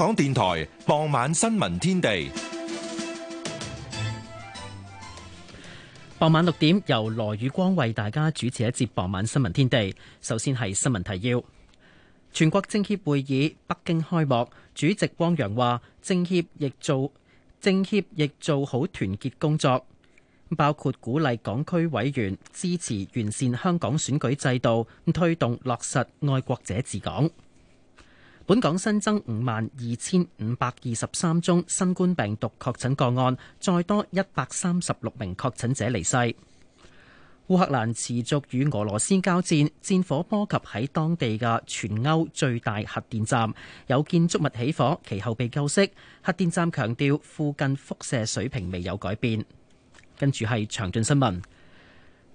香港電台傍晚新聞天地，傍晚六點由羅宇光為大家主持一節傍晚新聞天地。首先係新聞提要：全國政協會議北京開幕，主席汪洋話，政協亦做政協亦做好團結工作，包括鼓勵港區委員支持完善香港選舉制度，推動落實愛國者治港。本港新增五萬二千五百二十三宗新冠病毒確診個案，再多一百三十六名確診者離世。烏克蘭持續與俄羅斯交戰，戰火波及喺當地嘅全歐最大核電站，有建築物起火，其後被救熄。核電站強調附近輻射水平未有改變。跟住係詳盡新聞。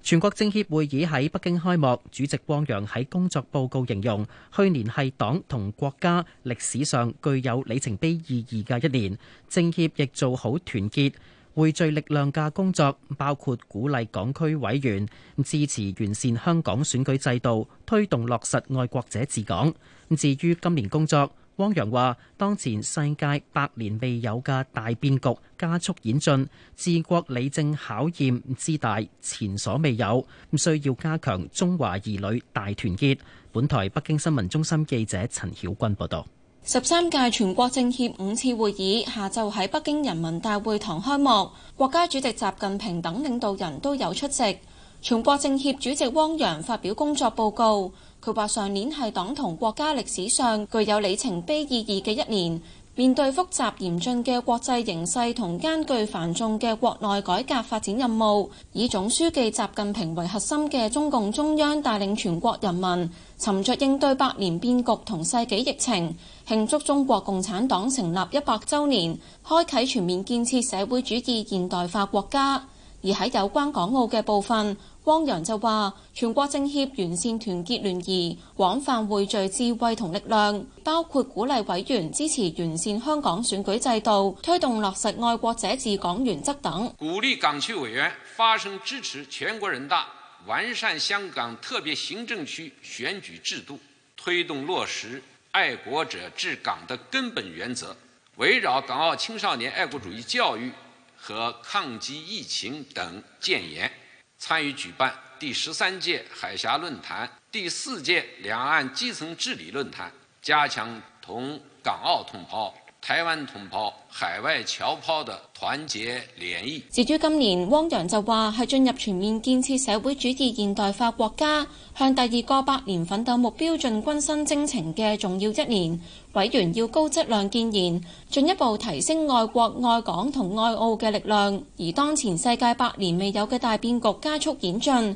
全國政協會議喺北京開幕，主席汪洋喺工作報告形容去年係黨同國家歷史上具有里程碑意義嘅一年。政協亦做好團結匯聚力量嘅工作，包括鼓勵港區委員支持完善香港選舉制度，推動落實愛國者治港。至於今年工作。汪洋話：當前世界百年未有嘅大變局加速演進，治國理政考驗之大前所未有，需要加強中華兒女大團結。本台北京新聞中心記者陳曉君報道，十三屆全國政協五次會議下晝喺北京人民大會堂開幕，國家主席習近平等領導人都有出席。全國政協主席汪洋發表工作報告。佢話上年係黨同國家歷史上具有里程碑意義嘅一年，面對複雜嚴峻嘅國際形勢同艱巨繁重嘅國內改革發展任務，以總書記習近平為核心嘅中共中央帶領全國人民，沉著應對百年變局同世紀疫情，慶祝中國共產黨成立一百週年，開啟全面建設社會主義現代化國家。而喺有關港澳嘅部分。汪洋就話：全國政協完善團結聯誼，廣泛匯聚智，智慧同力量，包括鼓勵委員支持完善香港選舉制度，推動落實愛國者治港原則等。鼓勵港區委員發聲支持全國人大完善香港特別行政區選舉制度，推動落實愛國者治港的根本原則，圍繞港澳青少年愛國主義教育和抗擊疫情等建言。參與舉辦第十三屆海峽論壇、第四屆兩岸基層治理論壇，加強同港澳同胞、台灣同胞、海外僑胞的團結聯誼。至於今年，汪洋就話，係進入全面建設社會主義現代化國家、向第二個百年奮鬥目標進軍新征程嘅重要一年，委員要高質量建言，進一步提升愛國愛港同愛澳嘅力量。而當前世界百年未有嘅大變局加速演進。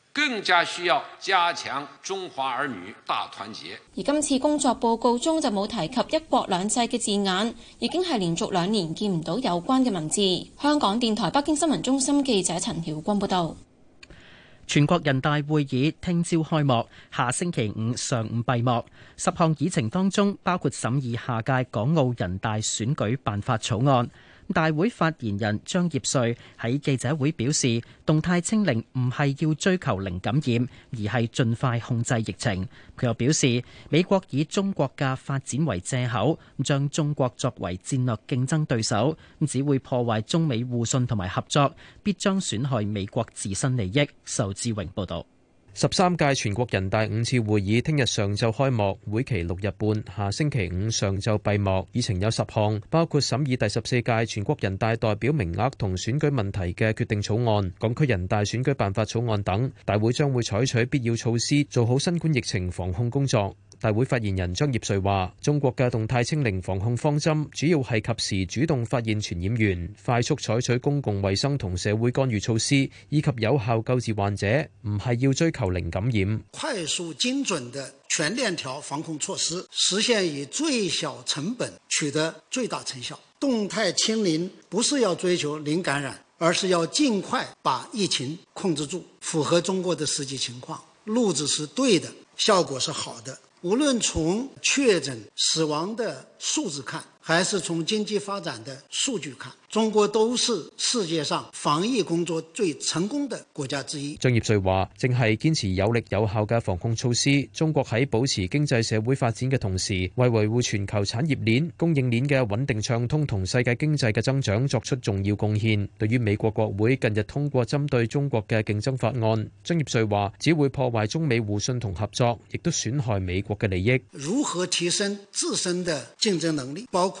更加需要加強中華兒女大團結。而今次工作報告中就冇提及一國兩制嘅字眼，已經係連續兩年見唔到有關嘅文字。香港電台北京新聞中心記者陳曉君報道，全國人大會議聽朝開幕，下星期五上午閉幕。十項議程當中包括審議下屆港澳人大選舉辦法草案。大會發言人張業遂喺記者會表示，動態清零唔係要追求零感染，而係盡快控制疫情。佢又表示，美國以中國嘅發展為借口，將中國作為戰略競爭對手，只會破壞中美互信同埋合作，必將損害美國自身利益。仇志榮報道。十三屆全國人大五次會議聽日上晝開幕，會期六日半，下星期五上晝閉幕。議程有十項，包括審議第十四屆全國人大代表名額同選舉問題嘅決定草案、港區人大選舉辦法草案等。大會將會採取必要措施，做好新冠疫情防控工作。大會發言人張業遂話：中國嘅動態清零防控方針，主要係及時主動發現傳染源，快速採取公共衛生同社會干預措施，以及有效救治患者，唔係要追求零感染。快速、精準的全鏈條防控措施，實現以最小成本取得最大成效。動態清零不是要追求零感染，而是要盡快把疫情控制住，符合中國的實際情況，路子是對的，效果是好的。無論從確診、死亡的數字看，還是從經濟發展的數據看，中國都是世界上防疫工作最成功的國家之一。張業遂話：正係堅持有力有效嘅防控措施，中國喺保持經濟社會發展嘅同時，為維，維護全球產業鏈、供應鏈嘅穩定暢通同世界經濟嘅增長作出重要貢獻。對於美國國會近日通過針對中國嘅競爭法案，張業遂話：只會破壞中美互信同合作，亦都損害美國嘅利益。如何提升自身的競爭能力，包括，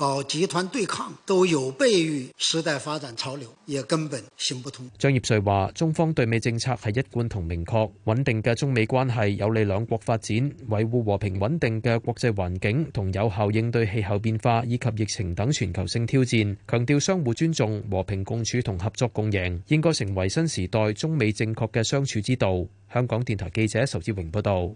搞集團對抗都有悖於時代發展潮流，也根本行不通。張業遂話：中方對美政策係一貫同明確，穩定嘅中美關係有利兩國發展，維護和平穩定嘅國際環境同有效應對氣候變化以及疫情等全球性挑戰，強調相互尊重、和平共處同合作共贏應該成為新時代中美正確嘅相處之道。香港電台記者仇志榮報道。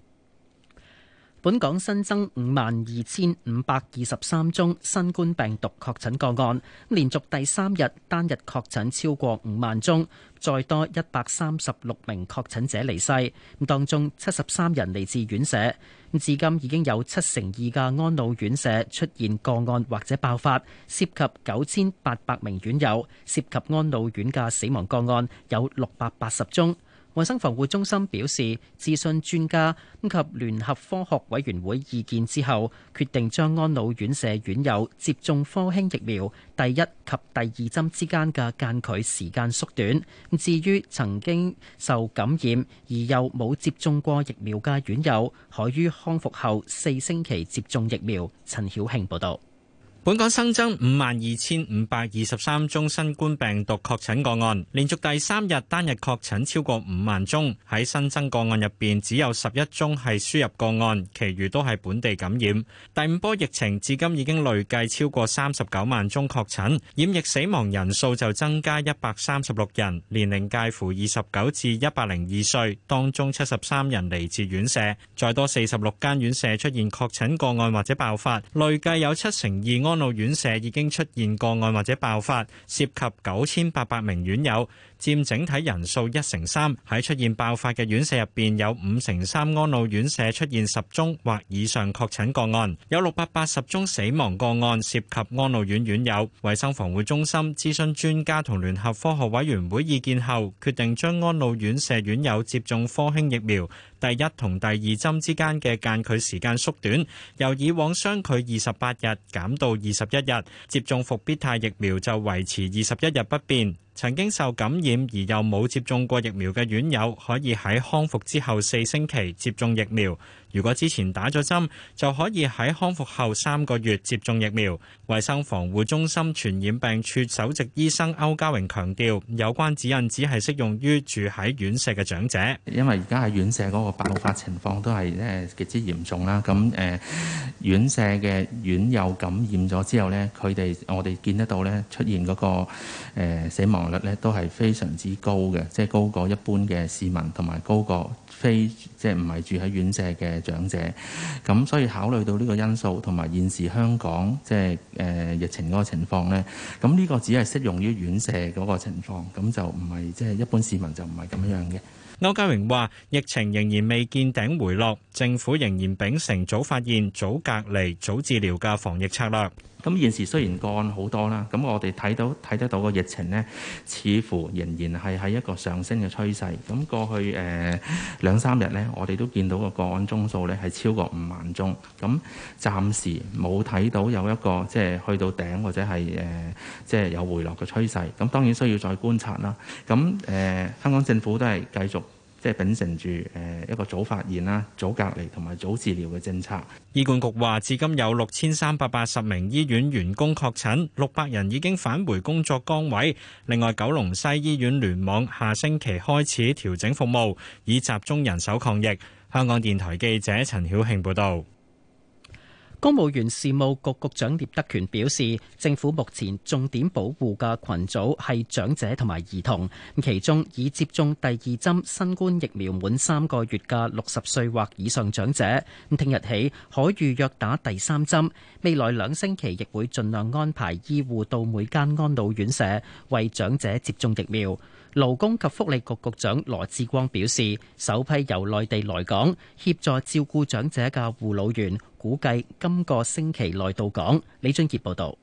本港新增五萬二千五百二十三宗新冠病毒確診個案，連續第三日單日確診超過五萬宗，再多一百三十六名確診者離世，當中七十三人嚟自院舍。至今已經有七成二嘅安老院舍出現個案或者爆發，涉及九千八百名院友，涉及安老院嘅死亡個案有六百八十宗。衞生防護中心表示，諮詢專家及聯合科學委員會意見之後，決定將安老院舍院友接種科興疫苗第一及第二針之間嘅間距時間縮短。至於曾經受感染而又冇接種過疫苗嘅院友，可於康復後四星期接種疫苗。陳曉慶報道。本港新增五萬二千五百二十三宗新冠病毒確診個案，連續第三日單日確診超過五萬宗。喺新增個案入邊，只有十一宗係輸入個案，其餘都係本地感染。第五波疫情至今已經累計超過三十九萬宗確診，染疫死亡人數就增加一百三十六人，年齡介乎二十九至一百零二歲，當中七十三人嚟自院舍。再多四十六間院舍出現確診個案或者爆發，累計有七成二安。安老院舍已經出現個案或者爆發，涉及九千八百名院友。佔整體人數一成三，喺出現爆發嘅院舍入邊，有五成三安老院舍出現十宗或以上確診個案，有六百八十宗死亡個案涉及安老院院友。衛生防護中心諮詢專家同聯合科學委員會意見後，決定將安老院舍院友接種科興疫苗第一同第二針之間嘅間距時間縮短，由以往相距二十八日減到二十一日，接種復必泰疫苗就維持二十一日不變。曾經受感染而又冇接種過疫苗嘅院友，可以喺康復之後四星期接種疫苗。如果之前打咗針，就可以喺康復後三個月接種疫苗。衛生防護中心傳染病處首席醫生歐家榮強調，有關指引只係適用於住喺院舍嘅長者。因為而家喺院舍嗰個爆發情況都係誒極之嚴重啦。咁誒、呃、院舍嘅院友感染咗之後咧，佢哋我哋見得到咧，出現嗰、那個、呃、死亡率咧都係非常之高嘅，即、就、係、是、高過一般嘅市民，同埋高過非即係唔係住喺院舍嘅，長者，咁所以考慮到呢個因素同埋現時香港即係誒疫情嗰個情況呢，咁呢個只係適用於院舍嗰個情況，咁就唔係即係一般市民就唔係咁樣嘅。歐家榮話：疫情仍然未見頂回落，政府仍然秉承早發現、早隔離、早治療嘅防疫策略。咁現時雖然個案好多啦，咁我哋睇到睇得到個疫情呢，似乎仍然係喺一個上升嘅趨勢。咁過去誒兩三日呢，我哋都見到個個案宗數呢係超過五萬宗。咁暫時冇睇到有一個即係、就是、去到頂或者係即係有回落嘅趨勢。咁當然需要再觀察啦。咁誒、呃、香港政府都係繼續。即係秉承住誒一個早發現啦、早隔離同埋早治療嘅政策。醫管局話，至今有六千三百八十名醫院員工確診，六百人已經返回工作崗位。另外，九龍西醫院聯網下星期開始調整服務，以集中人手抗疫。香港電台記者陳曉慶報導。公務員事務局局長聶德權表示，政府目前重點保護嘅群組係長者同埋兒童，其中已接種第二針新冠疫苗滿三個月嘅六十歲或以上長者，聽日起可預約打第三針，未來兩星期亦會盡量安排醫護到每間安老院舍為長者接種疫苗。勞工及福利局局長羅志光表示，首批由內地來港協助照顧長者嘅護老員，估計今個星期內到港。李俊杰報道，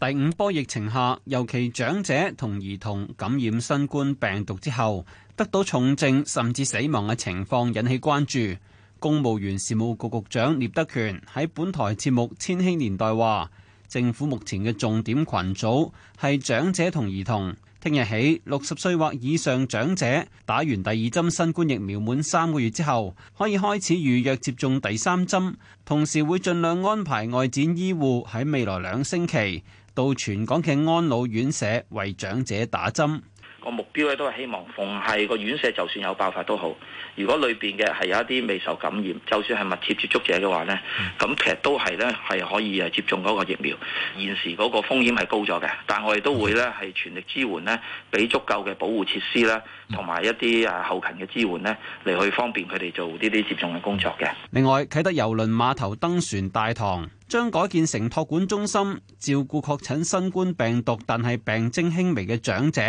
第五波疫情下，尤其長者同兒童感染新冠病毒之後，得到重症甚至死亡嘅情況引起關注。公務員事務局局長聶德權喺本台節目《千禧年代》話，政府目前嘅重點群組係長者同兒童。聽日起，六十歲或以上長者打完第二針新冠疫苗滿三個月之後，可以開始預約接種第三針。同時會盡量安排外展醫護喺未來兩星期，到全港嘅安老院舍為長者打針。個目標咧都係希望，逢係個院舍就算有爆發都好。如果裏邊嘅係有一啲未受感染，就算係密切接觸者嘅話呢，咁其實都係呢係可以誒接種嗰個疫苗。現時嗰個風險係高咗嘅，但我哋都會呢係全力支援呢，俾足夠嘅保護設施啦，同埋一啲誒後勤嘅支援呢，嚟去方便佢哋做呢啲接種嘅工作嘅。另外，啟德郵輪碼頭登船大堂，將改建成託管中心，照顧確診新冠病毒但係病徵輕微嘅長者，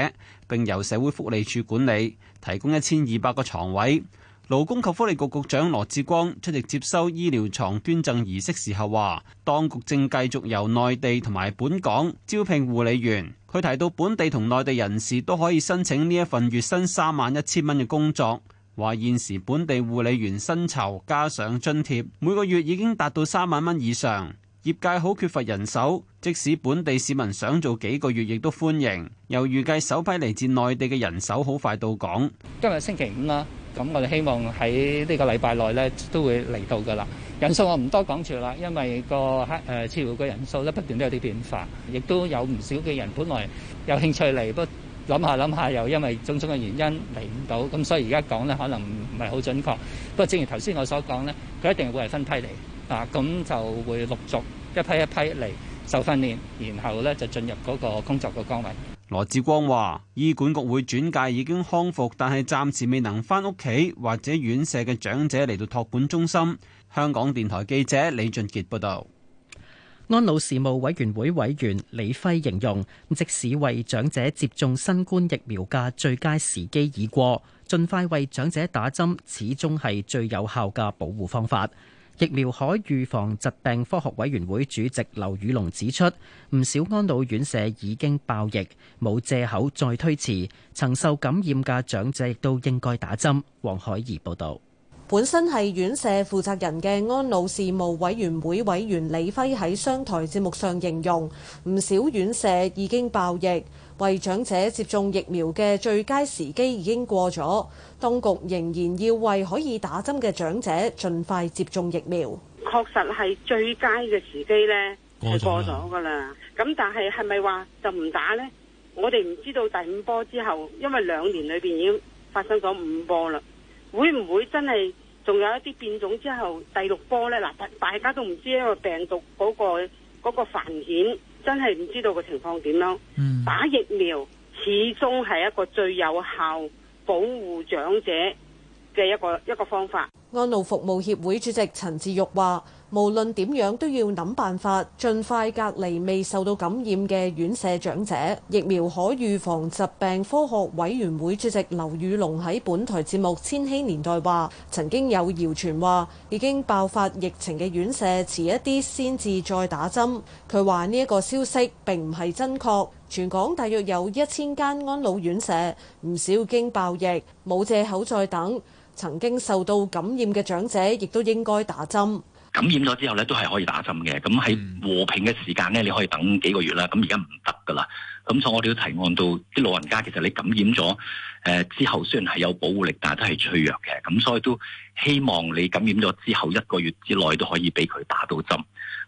並由社會福利署管理，提供一千二百個床位。勞工及福利局局長羅致光出席接收醫療床捐贈儀式時候話，當局正繼續由內地同埋本港招聘護理員。佢提到本地同內地人士都可以申請呢一份月薪三萬一千蚊嘅工作。話現時本地護理員薪酬加上津貼，每個月已經達到三萬蚊以上。業界好缺乏人手，即使本地市民想做幾個月，亦都歡迎。又預計首批嚟自內地嘅人手好快到港。今日星期五啦，咁我哋希望喺呢個禮拜內咧都會嚟到噶啦。人數我唔多講住啦，因為個誒，似乎個人數咧不斷都有啲變化，亦都有唔少嘅人本來有興趣嚟不。諗下諗下又因為種種嘅原因嚟唔到，咁所以而家講咧可能唔係好準確。不過正如頭先我所講咧，佢一定會係分批嚟，啊咁就會陸續一批一批嚟受訓練，然後咧就進入嗰個工作嘅崗位。羅志光話：醫管局會轉介已經康復但係暫時未能翻屋企或者院舍嘅長者嚟到託管中心。香港電台記者李俊傑報導。安老事務委員會委員李輝形容，即使為長者接種新冠疫苗嘅最佳時機已過，盡快為長者打針始終係最有效嘅保護方法。疫苗可預防疾病科學委員會主席劉宇龍指出，唔少安老院舍已經爆疫，冇借口再推遲。曾受感染嘅長者亦都應該打針。黃海怡報道。本身係院舍負責人嘅安老事務委員會委員李輝喺商台節目上形容，唔少院舍已經爆疫，為長者接種疫苗嘅最佳時機已經過咗，當局仍然要為可以打針嘅長者盡快接種疫苗。確實係最佳嘅時機呢，係過咗噶啦。咁但係係咪話就唔打呢？我哋唔知道第五波之後，因為兩年裏邊已經發生咗五波啦。會唔會真係仲有一啲變種之後第六波呢？嗱，大大家都唔知，一個病毒嗰、嗰個嗰個繁衍真係唔知道個情況點樣。嗯、打疫苗始終係一個最有效保護長者嘅一個一個方法。安老服務協會主席陳志玉話，無論點樣都要諗辦法，盡快隔離未受到感染嘅院舍長者。疫苗可預防疾病科學委員會主席劉宇龍喺本台節目《千禧年代》話，曾經有謠傳話已經爆發疫情嘅院舍，遲一啲先至再打針。佢話呢一個消息並唔係真確。全港大約有一千間安老院舍，唔少經爆疫，冇藉口再等。曾經受到感染嘅長者，亦都應該打針。感染咗之後咧，都係可以打針嘅。咁喺和平嘅時間咧，你可以等幾個月啦。咁而家唔得㗎啦。咁所以我哋都提案到啲老人家，其實你感染咗、呃、之後，雖然係有保護力，但係都係脆弱嘅。咁所以都希望你感染咗之後一個月之內都可以俾佢打到針。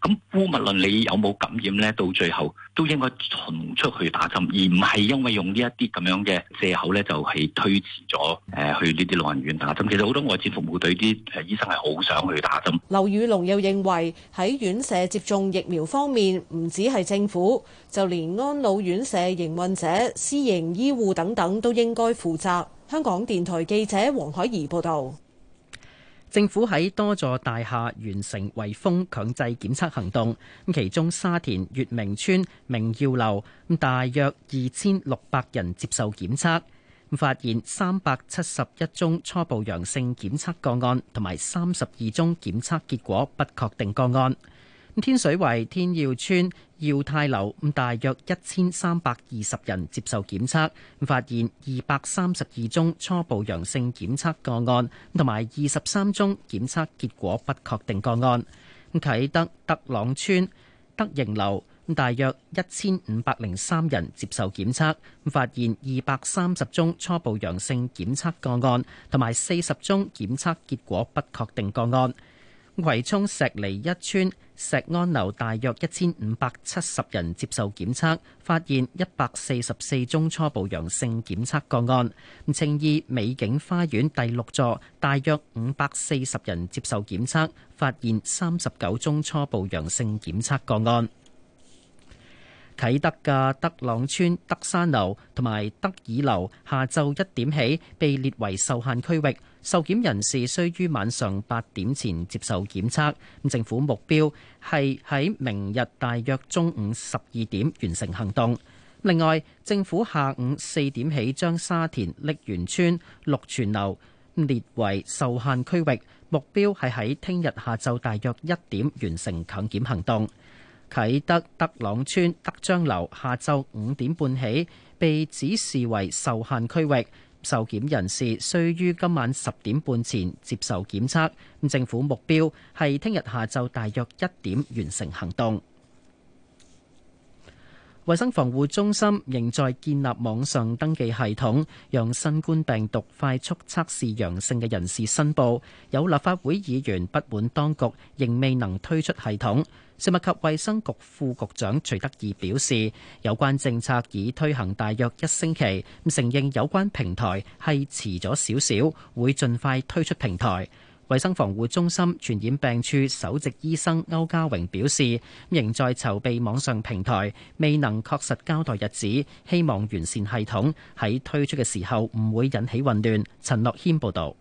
咁，無論你有冇感染咧，到最後都應該循出去打針，而唔係因為用呢一啲咁樣嘅借口咧，就係推遲咗誒去呢啲老人院打針。其實好多外展服務隊啲誒醫生係好想去打針。劉宇龍又認為喺院舍接種疫苗方面，唔止係政府，就連安老院舍營運者、私營醫護等等都應該負責。香港電台記者黃海怡報道。政府喺多座大廈完成圍封強制檢測行動，其中沙田乙明邨、明耀樓，大約二千六百人接受檢測，咁發現三百七十一宗初步陽性檢測個案，同埋三十二宗檢測結果不確定個案。天水圍、天耀邨耀泰樓，大約一千三百二十人接受檢測，發現二百三十二宗初步陽性檢測個案，同埋二十三宗檢測結果不確定個案。咁啟德德朗邨德盈樓，大約一千五百零三人接受檢測，咁發現二百三十宗初步陽性檢測個案，同埋四十宗檢測結果不確定個案。葵涌石梨一村石安樓，大約一千五百七十人接受檢測，發現一百四十四宗初步陽性檢測個案。青衣美景花園第六座大約五百四十人接受檢測，發現三十九宗初步陽性檢測個案。啟德嘅德朗村德山樓同埋德爾樓下晝一點起被列為受限區域。受檢人士需於晚上八點前接受檢測。咁政府目標係喺明日大約中午十二點完成行動。另外，政府下午四點起將沙田瀝源村祿泉樓列為受限區域，目標係喺聽日下晝大約一點完成強檢行動。啟德德朗村德章樓下晝五點半起被指示為受限區域。受檢人士需於今晚十點半前接受檢測。政府目標係聽日下晝大約一點完成行動。衞生防護中心仍在建立網上登記系統，讓新冠病毒快速測試陽性嘅人士申報。有立法會議員不滿當局仍未能推出系統。食物及衛生局副局長徐德義表示，有關政策已推行大約一星期，承認有關平台係遲咗少少，會盡快推出平台。衛生防護中心傳染病處首席醫生歐家榮表示，仍在籌備網上平台，未能確實交代日子，希望完善系統喺推出嘅時候唔會引起混亂。陳樂謙報導。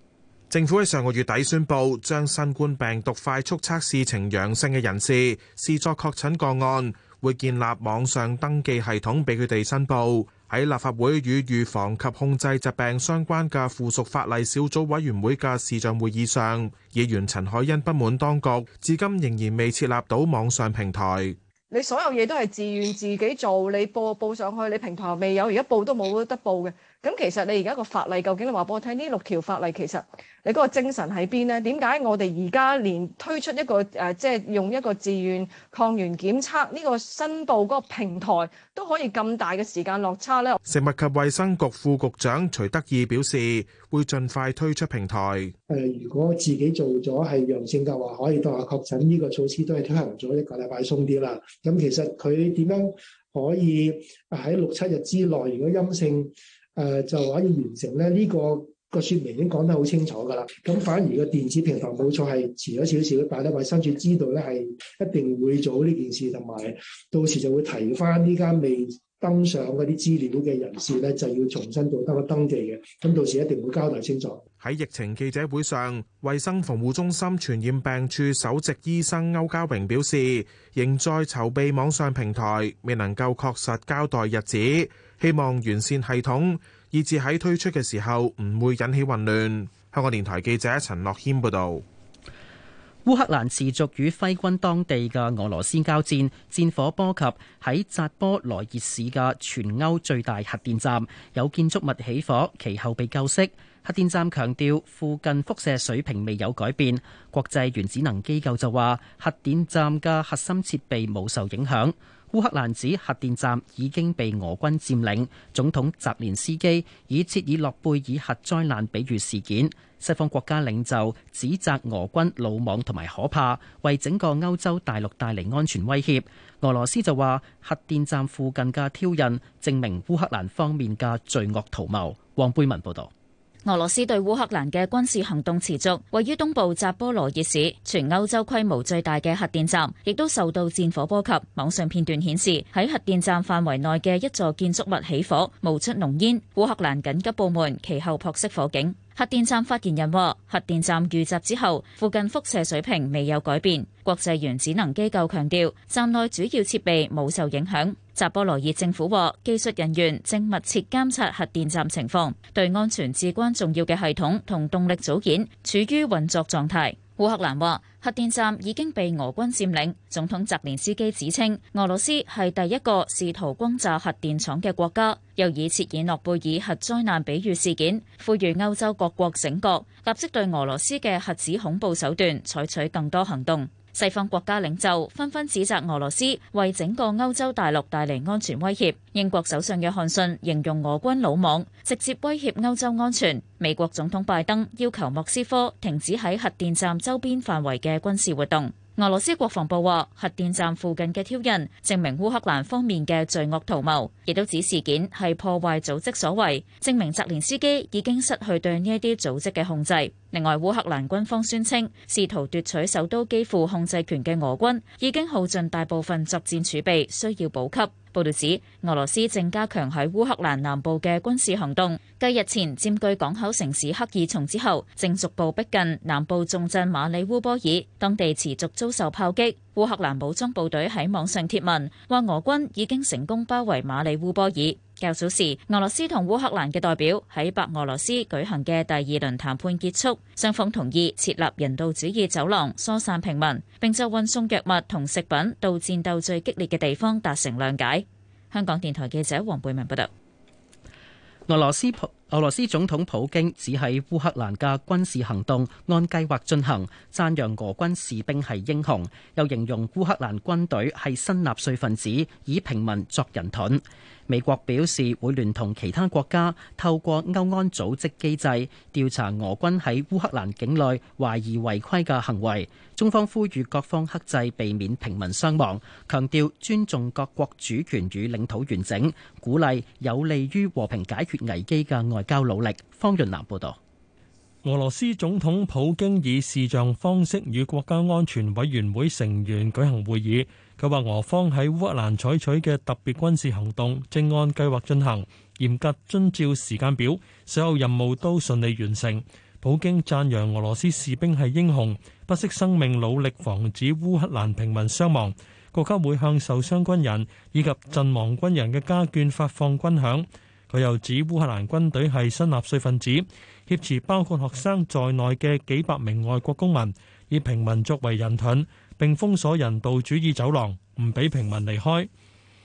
政府喺上個月底宣布，將新冠病毒快速測試呈陽性嘅人士視作確診個案，會建立網上登記系統俾佢哋申報。喺立法會與預防及控制疾病相關嘅附屬法例小組委員會嘅視像會議上，議員陳海欣不滿當局，至今仍然未設立到網上平台。你所有嘢都係自願自己做，你報報上去，你平台未有，而家報都冇得報嘅。咁其實你而家個法例究竟你話俾我聽，呢六條法例其實你嗰個精神喺邊咧？點解我哋而家連推出一個誒，即係用一個自願抗原檢測呢個申報嗰個平台都可以咁大嘅時間落差咧？食物及衛生局副局長徐德義表示，會盡快推出平台。誒、呃，如果自己做咗係陽性嘅話，可以當下確診呢個措施都係推行咗一個禮拜鬆啲啦。咁其實佢點樣可以喺六七日之內，如果陰性？誒就可以完成咧，呢個個說明已經講得好清楚㗎啦。咁反而個電子平台冇錯係遲咗少少，但係呢，衞生署知道咧，係一定會做呢件事，同埋到時就會提翻呢間未登上嗰啲資料嘅人士咧，就要重新做登個登記嘅。咁到時一定會交代清楚。喺疫情記者會上，衛生防護中心傳染病處首席醫生歐家榮表示，仍在籌備網上平台，未能夠確實交代日子。希望完善系統，以至喺推出嘅時候唔會引起混亂。香港電台記者陳樂謙報道。烏克蘭持續與揮軍當地嘅俄羅斯交戰，戰火波及喺扎波羅熱市嘅全歐最大核電站，有建築物起火，其後被救熄。核電站強調附近輻射水平未有改變。國際原子能機構就話，核電站嘅核心設備冇受影響。烏克蘭指核電站已經被俄軍佔領，總統澤連斯基以切爾諾貝爾核災難比喻事件，西方國家領袖指責俄軍魯莽同埋可怕，為整個歐洲大陸帶嚟安全威脅。俄羅斯就話核電站附近嘅挑釁證明烏克蘭方面嘅罪惡圖謀。黃貝文報道。俄羅斯對烏克蘭嘅軍事行動持續，位於東部扎波羅熱市，全歐洲規模最大嘅核電站，亦都受到戰火波及。網上片段顯示喺核電站範圍內嘅一座建築物起火，冒出濃煙。烏克蘭緊急部門其後撲熄火警。核電站發言人話：核電站遇襲之後，附近輻射水平未有改變。國際原子能機構強調，站內主要設備冇受影響。扎波羅熱政府話，技術人員正密切監察核電站情況，對安全至關重要嘅系統同動力組件處於運作狀態。烏克蘭話核電站已經被俄軍佔領，總統澤連斯基指稱，俄羅斯係第一個試圖轟炸核電廠嘅國家，又以切爾諾貝爾核災難比喻事件，呼籲歐洲各國醒覺，立即對俄羅斯嘅核子恐怖手段採取更多行動。西方國家領袖紛紛指責俄羅斯為整個歐洲大陸帶嚟安全威脅。英國首相約翰遜形容俄軍魯莽，直接威脅歐洲安全。美國總統拜登要求莫斯科停止喺核電站周邊範圍嘅軍事活動。俄羅斯國防部話，核電站附近嘅挑釁證明烏克蘭方面嘅罪惡圖謀，亦都指事件係破壞組織所為，證明澤連斯基已經失去對呢一啲組織嘅控制。另外，烏克蘭軍方宣稱，試圖奪取首都基輔控制權嘅俄軍已經耗盡大部分作戰儲備，需要補給。報導指，俄羅斯正加強喺烏克蘭南部嘅軍事行動。繼日前佔據港口城市赫爾松之後，正逐步逼近南部重鎮馬里烏波爾。當地持續遭受炮擊。烏克蘭武裝部隊喺網上貼文，話俄軍已經成功包圍馬里烏波爾。較早時，俄羅斯同烏克蘭嘅代表喺白俄羅斯舉行嘅第二輪談判結束，雙方同意設立人道主義走廊疏散平民，並就運送藥物同食品到戰鬥最激烈嘅地方達成諒解。香港電台記者黃貝文報道。俄羅斯普俄羅斯總統普京指喺烏克蘭嘅軍事行動按計劃進行，讚揚俄軍士兵係英雄，又形容烏克蘭軍隊係新納粹分子，以平民作人盾。美國表示會聯同其他國家透過歐安組織機制調查俄軍喺烏克蘭境內懷疑違規嘅行為。中方呼籲各方克制，避免平民傷亡，強調尊重各國主權與領土完整，鼓勵有利於和平解決危機嘅。外交努力。方潤南報道。俄羅斯總統普京以視像方式與國家安全委員會成員舉行會議。佢話俄方喺烏克蘭採取嘅特別軍事行動正按計劃進行，嚴格遵照時間表，所有任務都順利完成。普京讚揚俄羅斯士兵係英雄，不惜生命努力防止烏克蘭平民傷亡。國家會向受傷軍人以及陣亡軍人嘅家眷發放軍餉。佢又指烏克蘭軍隊係新納粹分子，挾持包括學生在內嘅幾百名外國公民，以平民作為人盾，並封鎖人道主義走廊，唔俾平民離開。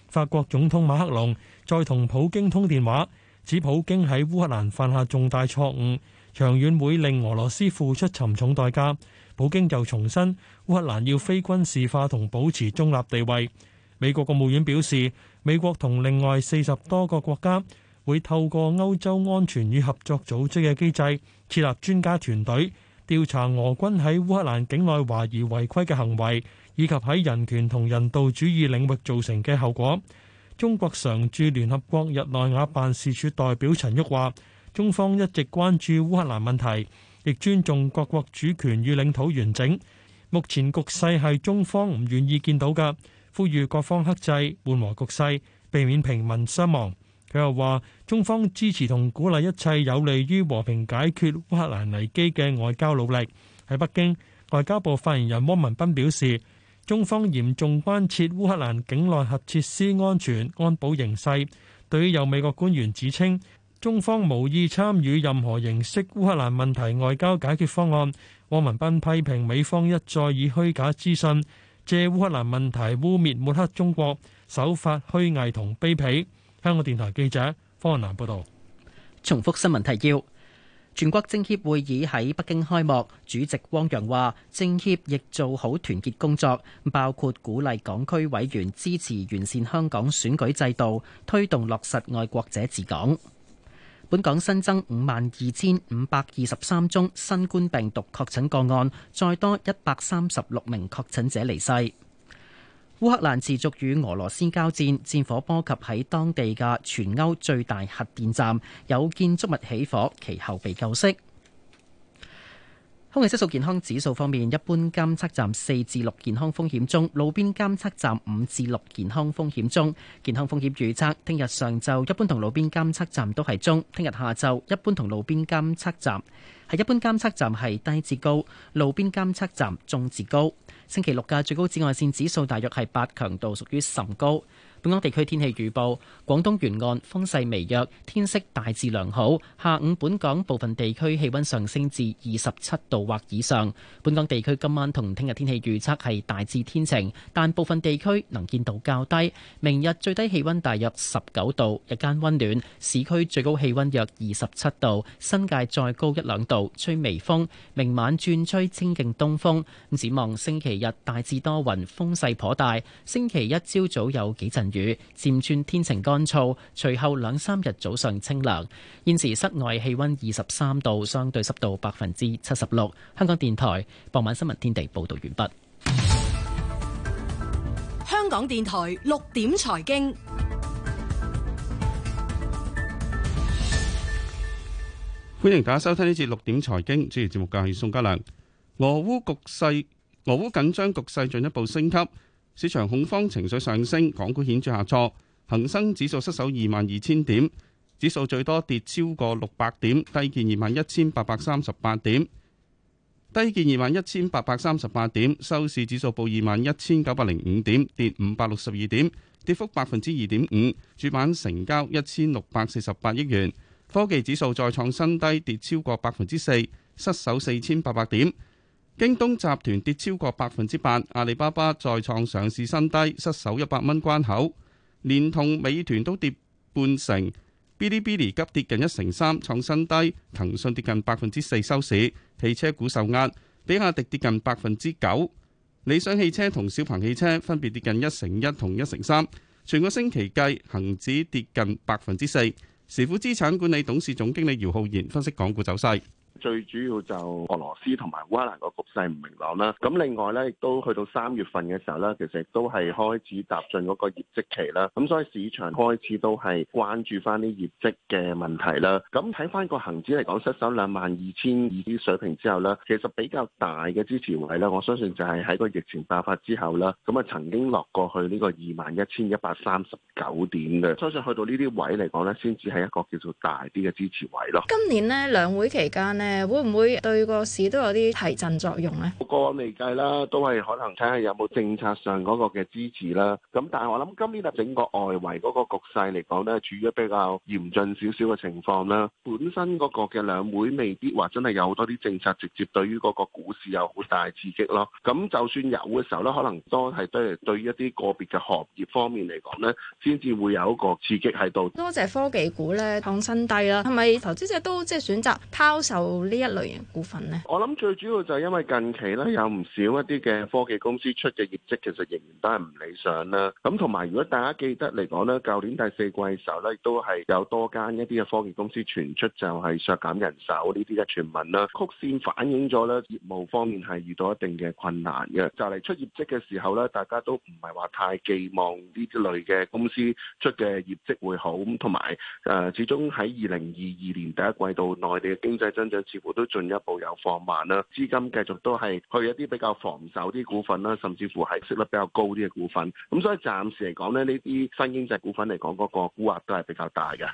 法國總統馬克龍再同普京通電話，指普京喺烏克蘭犯下重大錯誤，長遠會令俄羅斯付出沉重代價。普京就重申烏克蘭要非軍事化同保持中立地位。美國國務院表示，美國同另外四十多個國家。會透過歐洲安全與合作組織嘅機制設立專家團隊，調查俄軍喺烏克蘭境內懷疑違規嘅行為，以及喺人權同人道主義領域造成嘅後果。中國常駐聯合國日內瓦辦事處代表陳旭話，中方一直關注烏克蘭問題，亦尊重各國主權與領土完整。目前局勢係中方唔願意見到㗎，呼籲各方克制，緩和局勢，避免平民傷亡。佢又話：中方支持同鼓勵一切有利於和平解決烏克蘭危機嘅外交努力。喺北京外交部發言人汪文斌表示，中方嚴重關切烏克蘭境內核設施安全安保形勢。對於有美國官員指稱中方無意參與任何形式烏克蘭問題外交解決方案，汪文斌批評美方一再以虛假資訊借烏克蘭問題污蔑抹黑中國，手法虛偽同卑鄙。香港電台記者方文楠報道，重複新聞提要：全國政協會議喺北京開幕，主席汪洋話，政協亦做好團結工作，包括鼓勵港區委員支持完善香港選舉制度，推動落實愛國者治港。本港新增五萬二千五百二十三宗新冠病毒確診個案，再多一百三十六名確診者離世。烏克蘭持續與俄羅斯交戰，戰火波及喺當地嘅全歐最大核電站，有建築物起火，其後被救熄。空氣質素健康指數方面，一般監測站四至六健康風險中，路邊監測站五至六健康風險中。健康風險預測：聽日上晝一般同路邊監測站都係中，聽日下晝一般同路邊監測站係一般監測站係低至高，路邊監測站中至高。星期六嘅最高紫外線指數大約係八，強度屬於甚高。本港地區天氣預報，廣東沿岸風勢微弱，天色大致良好。下午本港部分地區氣溫上升至二十七度或以上。本港地區今晚同聽日天氣預測係大致天晴，但部分地區能見度較低。明日最低氣溫大約十九度，日間溫暖，市區最高氣溫約二十七度，新界再高一兩度，吹微風，明晚轉吹清勁東風，展望星期日大致多雲，風勢頗大。星期一朝早早有幾陣。雨漸轉，漸穿天晴乾燥。隨後兩三日早上清涼。現時室外氣溫二十三度，相對濕度百分之七十六。香港電台傍晚新聞天地報道完畢。香港電台六點財經，歡迎大家收聽呢節六點財經。主持節目嘅係宋家良。俄烏局勢，俄烏緊張局勢進一步升級。市場恐慌情緒上升，港股顯著下挫，恒生指數失守二萬二千點，指數最多跌超過六百點，低見二萬一千八百三十八點，低見二萬一千八百三十八點，收市指數報二萬一千九百零五點，跌五百六十二點，跌幅百分之二點五，主板成交一千六百四十八億元，科技指數再創新低，跌超過百分之四，失守四千八百點。京東集團跌超過百分之八，阿里巴巴再創上市新低，失守一百蚊關口，連同美團都跌半成，嗶哩嗶哩急跌近一成三，創新低，騰訊跌近百分之四收市，汽車股受壓，比亞迪跌近百分之九，理想汽車同小鵬汽車分別跌近一成一同一成三，全個星期計，恒指跌近百分之四，時富資產管理董事總經理姚浩然分析港股走勢。最主要就俄羅斯同埋烏蘭個局勢唔明朗啦。咁另外咧，亦都去到三月份嘅時候咧，其實亦都係開始踏進嗰個業績期啦。咁所以市場開始都係關注翻啲業績嘅問題啦。咁睇翻個恒指嚟講，失守兩萬二千二啲水平之後咧，其實比較大嘅支持位咧，我相信就係喺個疫情爆發之後啦。咁啊曾經落過去呢個二萬一千一百三十九點嘅。相信去到呢啲位嚟講咧，先至係一個叫做大啲嘅支持位咯。今年呢兩會期間呢。誒會唔會對個市都有啲提振作用呢？我未計啦，都係可能睇下有冇政策上嗰個嘅支持啦。咁但係我諗今年啊，整個外圍嗰個局勢嚟講呢，處於比較嚴峻少少嘅情況啦。本身嗰個嘅兩會未必話真係有好多啲政策直接對於嗰個股市有好大刺激咯。咁就算有嘅時候呢，可能都係都係對一啲個別嘅行業方面嚟講呢，先至會有一個刺激喺度。多隻科技股呢，創新低啦。係咪投資者都即係選擇拋售？呢一類型股份咧，我諗最主要就係因為近期咧，有唔少一啲嘅科技公司出嘅業績其實仍然都係唔理想啦。咁同埋如果大家記得嚟講呢，舊年第四季嘅時候咧，亦都係有多間一啲嘅科技公司傳出就係削減人手呢啲嘅傳聞啦，曲線反映咗咧，業務方面係遇到一定嘅困難嘅。就嚟出業績嘅時候咧，大家都唔係話太寄望呢啲類嘅公司出嘅業績會好。咁同埋誒，始終喺二零二二年第一季度內地嘅經濟增長，似乎都進一步有放慢啦，資金繼續都係去一啲比較防守啲股份啦，甚至乎係息率比較高啲嘅股份。咁所以暫時嚟講咧，呢啲新經濟股份嚟講，嗰個沽壓都係比較大嘅。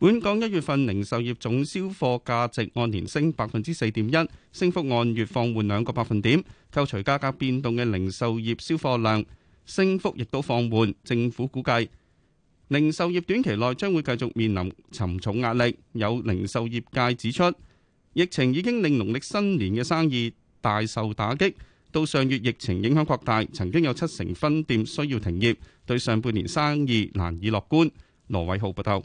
本港一月份零售業總銷貨價值按年升百分之四點一，升幅按月放緩兩個百分點。扣除價格變動嘅零售業銷貨量升幅亦都放緩。政府估計零售業短期內將會繼續面臨沉重壓力。有零售業界指出，疫情已經令農曆新年嘅生意大受打擊，到上月疫情影響擴大，曾經有七成分店需要停業，對上半年生意難以樂觀。羅偉浩報道。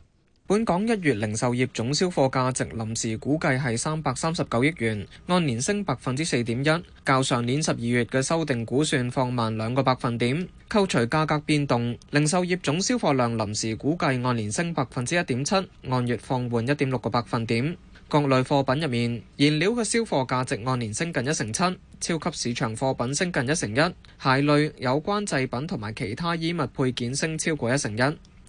本港一月零售業總銷貨價值臨時估計係三百三十九億元，按年升百分之四點一，較上年十二月嘅修訂估算放慢兩個百分點。扣除價格變動，零售業總銷貨量臨時估計按年升百分之一點七，按月放緩一點六個百分點。各類貨品入面，燃料嘅銷貨價值按年升近一成七，超級市場貨品升近一成一，鞋類有關製品同埋其他衣物配件升超過一成一。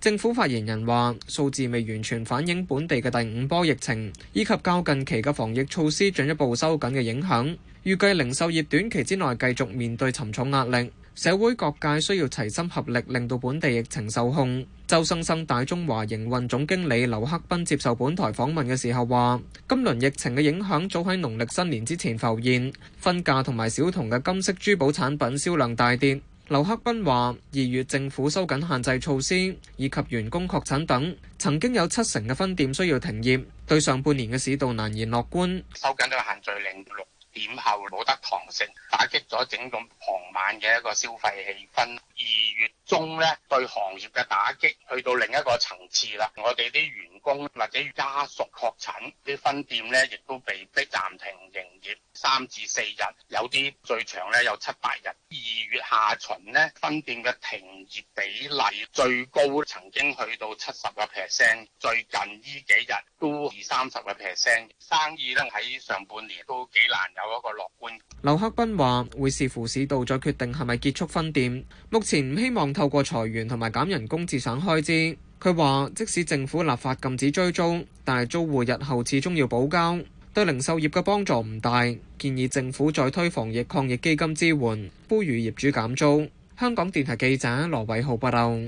政府發言人話：數字未完全反映本地嘅第五波疫情以及較近期嘅防疫措施進一步收緊嘅影響，預計零售業短期之內繼續面對沉重壓力。社會各界需要齊心合力，令到本地疫情受控。周生生大中華營運總經理劉克斌接受本台訪問嘅時候話，今輪疫情嘅影響早喺農曆新年之前浮現，婚嫁同埋小童嘅金色珠寶產品銷量大跌。劉克斌話，二月政府收緊限制措施，以及員工確診等，曾經有七成嘅分店需要停業，對上半年嘅市道難言樂觀。收緊咗限聚令咯。點後冇得堂食，打擊咗整個傍晚嘅一個消費氣氛。二月中咧，對行業嘅打擊去到另一個層次啦。我哋啲原工或者家屬確診，啲分店呢亦都被逼暫停營業三至四日，有啲最長呢有七八日。二月下旬呢，分店嘅停業比例最高，曾經去到七十個 percent。最近呢幾日都二三十個 percent，生意呢喺上半年都幾難有一個樂觀。劉克斌話：會視乎市道再決定係咪結束分店。目前唔希望透過裁員同埋減人工節省開支。佢話：他說即使政府立法禁止追租，但係租戶日後始終要補交，對零售業嘅幫助唔大。建議政府再推防疫抗疫基金支援，呼籲業主減租。香港電台記者羅偉浩報道。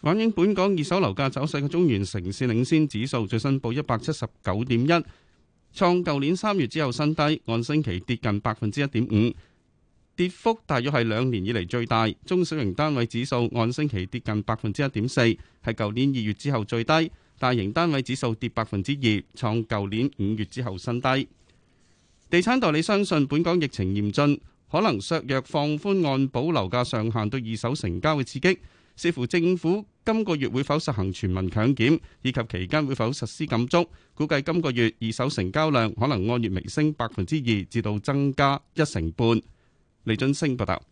反映本港二手樓價走勢嘅中原城市領先指數最新報一百七十九點一，創舊年三月之後新低，按星期跌近百分之一點五。跌幅大約係兩年以嚟最大，中小型單位指數按星期跌近百分之一點四，係舊年二月之後最低；大型單位指數跌百分之二，創舊年五月之後新低。地產代理相信本港疫情嚴峻，可能削弱放寬按保樓價上限對二手成交嘅刺激，視乎政府今個月會否實行全民強檢，以及期間會否實施禁足。估計今個月二手成交量可能按月微升百分之二至到增加一成半。李俊升報道。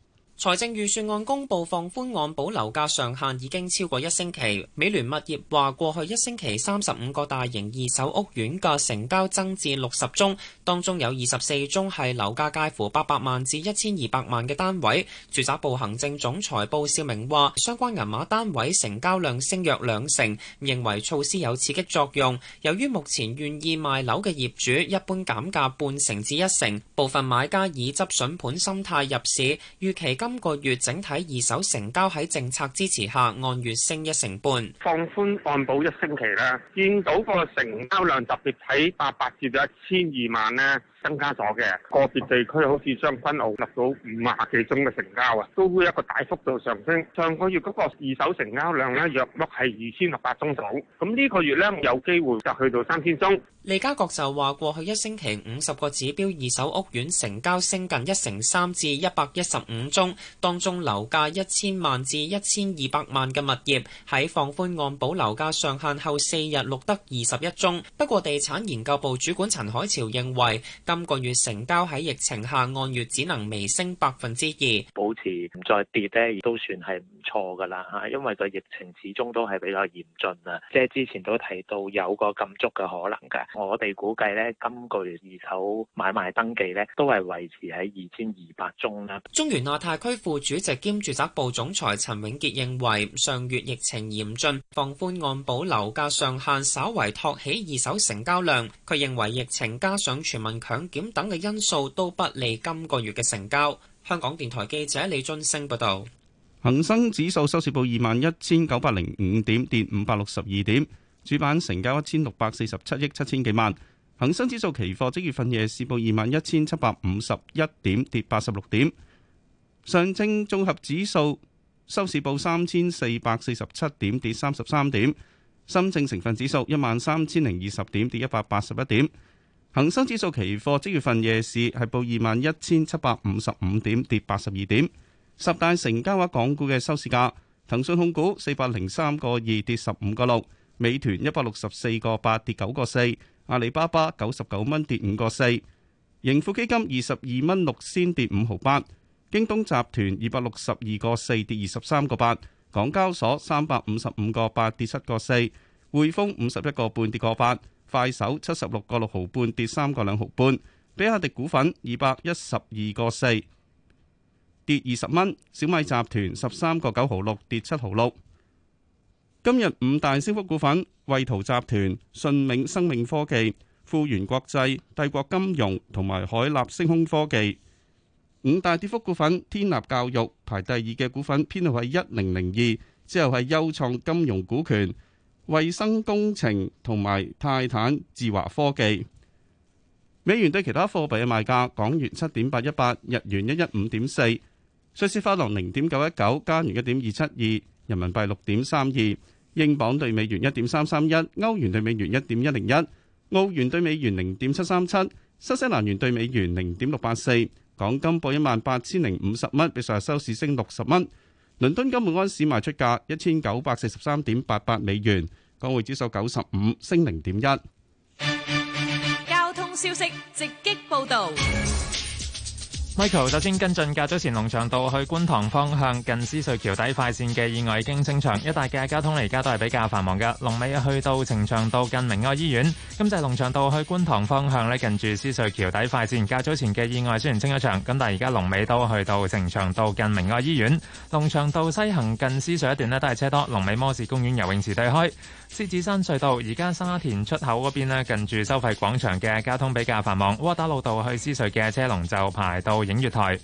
財政預算案公布放寬按保樓價上限已經超過一星期。美聯物業話，過去一星期三十五個大型二手屋苑嘅成交增至六十宗，當中有二十四宗係樓價介乎八百萬至一千二百萬嘅單位。住宅部行政總裁布少明話，相關銀碼單位成交量升約兩成，認為措施有刺激作用。由於目前願意賣樓嘅業主一般減價半成至一成，部分買家以執筍盤心態入市，預期今今個月整體二手成交喺政策支持下，按月升一成半。放寬按保一星期咧，見到個成交量特別喺八百至到一千二萬呢，增加咗嘅，個別地區好似將軍澳立到五廿幾宗嘅成交啊，都一個大幅度上升。上個月嗰個二手成交量呢約六係二千六百宗手，咁呢個月呢有機會就去到三千宗。利嘉閣就話：過去一星期五十個指標二手屋苑成交升近一成三至一百一十五宗，當中樓價一千萬至一千二百萬嘅物業喺放寬按保樓價上限後四日錄得二十一宗。不過，地產研究部主管陳海潮認為。今個月成交喺疫情下按月只能微升百分之二，保持唔再跌咧，都算係唔錯噶啦嚇。因為個疫情始終都係比較嚴峻啊，即係之前都提到有個禁足嘅可能嘅。我哋估計咧，今個月二手買賣登記咧都係維持喺二千二百宗啦。中原亞太區副主席兼住宅部總裁陳永傑認為，上月疫情嚴峻，放寬按保樓價上限，稍為托起二手成交量。佢認為疫情加上全民強。檢等嘅因素都不利今個月嘅成交。香港電台記者李俊升報道。恒生指數收市報二萬一千九百零五點，跌五百六十二點，主板成交一千六百四十七億七千幾萬。恒生指數期貨即月份夜市報二萬一千七百五十一點，跌八十六點。上證綜合指數收市報三千四百四十七點，跌三十三點。深證成分指數一萬三千零二十點，跌一百八十一點。恒生指數期貨即月份夜市係報二萬一千七百五十五點，跌八十二點。十大成交額港股嘅收市價，騰訊控股四百零三個二跌十五個六，美團一百六十四個八跌九個四，阿里巴巴九十九蚊跌五個四，盈富基金二十二蚊六仙跌五毫八，京東集團二百六十二個四跌二十三個八，港交所三百五十五個八跌七個四，匯豐五十一個半跌個八。快手七十六個六毫半跌三個兩毫半，比亞迪股份二百一十二個四跌二十蚊，小米集團十三個九毫六跌七毫六。今日五大升幅股份：惠陶集團、順明生命科技、富源國際、帝國金融同埋海納星空科技。五大跌幅股份：天立教育排第二嘅股份編號係一零零二，之後係優創金融股權。衛生工程同埋泰坦智華科技。美元對其他貨幣嘅賣價：港元七點八一八，日元一一五點四，瑞士法郎零點九一九，加元一點二七二，人民幣六點三二，英鎊兌美元一點三三一，歐元兌美元一點一零一，澳元兌美元零點七三七，新西蘭元兌美元零點六八四。港金報一萬八千零五十蚊，比上日收市升六十蚊。倫敦金每安士賣出價一千九百四十三點八八美元，港匯指數九十五升零點一。交通消息直擊報道。Michael，首先跟進，較早前龍翔道去觀塘方向近獅隧橋底快線嘅意外已經清場，一帶嘅交通嚟，而家都係比較繁忙嘅。龍尾去到呈祥道近明愛醫院。咁就係龍翔道去觀塘方向呢，近住獅隧橋底快線，較早前嘅意外雖然清咗場，咁但係而家龍尾都去到呈祥道近明愛醫院。龍翔道西行近獅隧一段呢，都係車多，龍尾摩士公園游泳池對開，獅子山隧道而家沙田出口嗰邊呢，近住收費廣場嘅交通比較繁忙。窩打老道去獅隧嘅車龍就排到。月台，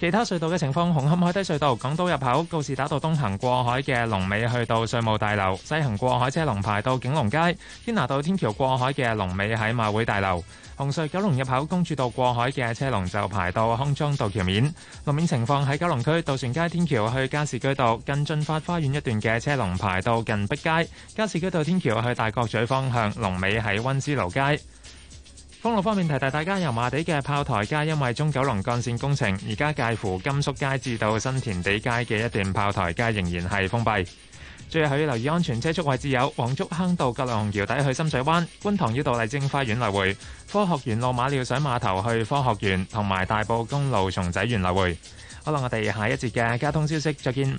其他隧道嘅情況：紅磡海底隧道、港島入口、告士打道東行過海嘅龍尾去到稅務大樓；西行過海車龍排到景隆街、天拿道天橋過海嘅龍尾喺馬會大樓；紅隧九龍入口公主道過海嘅車龍就排到康莊道橋面。路面情況喺九龍區渡船街天橋去加士居道近駿發花園一段嘅車龍排到近碧街；加士居道天橋去大角咀方向龍尾喺溫思勞街。公路方面，提提大家，油麻地嘅炮台街因為中九龍幹線工程，而家介乎甘肅街至到新田地街嘅一段炮台街仍然係封閉。最後要留意安全車速位置有王，黃竹坑道葛量洪橋底去深水灣、觀塘繞道麗晶花園來回、科學園路馬料水碼頭去科學園，同埋大埔公路松仔園來回。好啦，我哋下一節嘅交通消息，再見。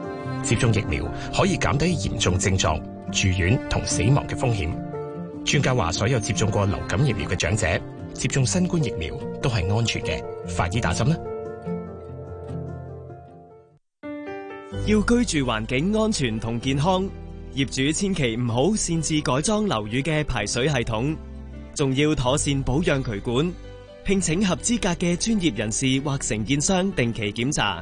接種疫苗可以減低嚴重症狀、住院同死亡嘅風險。專家話，所有接種過流感疫苗嘅長者，接種新冠疫苗都係安全嘅。快啲打針啦！要居住環境安全同健康，業主千祈唔好擅自改裝樓宇嘅排水系統，仲要妥善保養渠管，聘請合資格嘅專業人士或承建商定期檢查。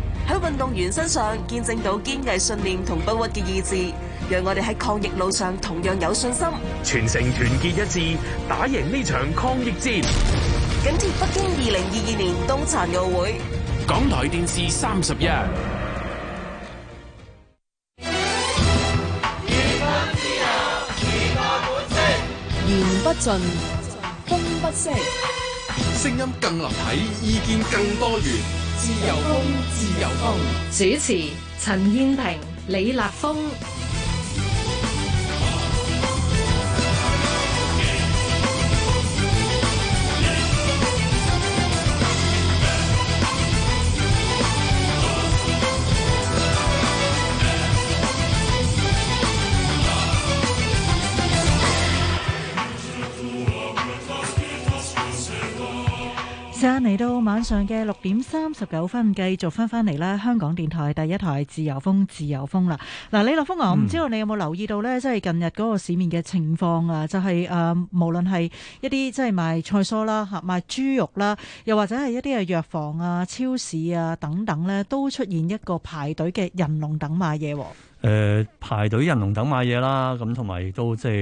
喺運動員身上見證到堅毅信念同不屈嘅意志，讓我哋喺抗疫路上同樣有信心，全城團結一致，打贏呢場抗疫戰。緊貼北京二零二二年冬殘奧會，港台電視三十一。言不盡，風不息，聲音更立體，意見更多元。自由風，自由風。自由風。主持：陳燕萍、李立峰。嚟到晚上嘅六點三十九分，繼續翻翻嚟啦！香港電台第一台自由風，自由風啦。嗱，李立峰、啊、我唔知道你有冇留意到呢？即係、嗯、近日嗰個市面嘅情況啊，就係、是、誒、呃，無論係一啲即係賣菜蔬啦、嚇賣豬肉啦，又或者係一啲嘅藥房啊、超市啊等等呢，都出現一個排隊嘅人龍等買嘢喎、呃。排隊人龍等買嘢啦，咁同埋都即、就、係、是。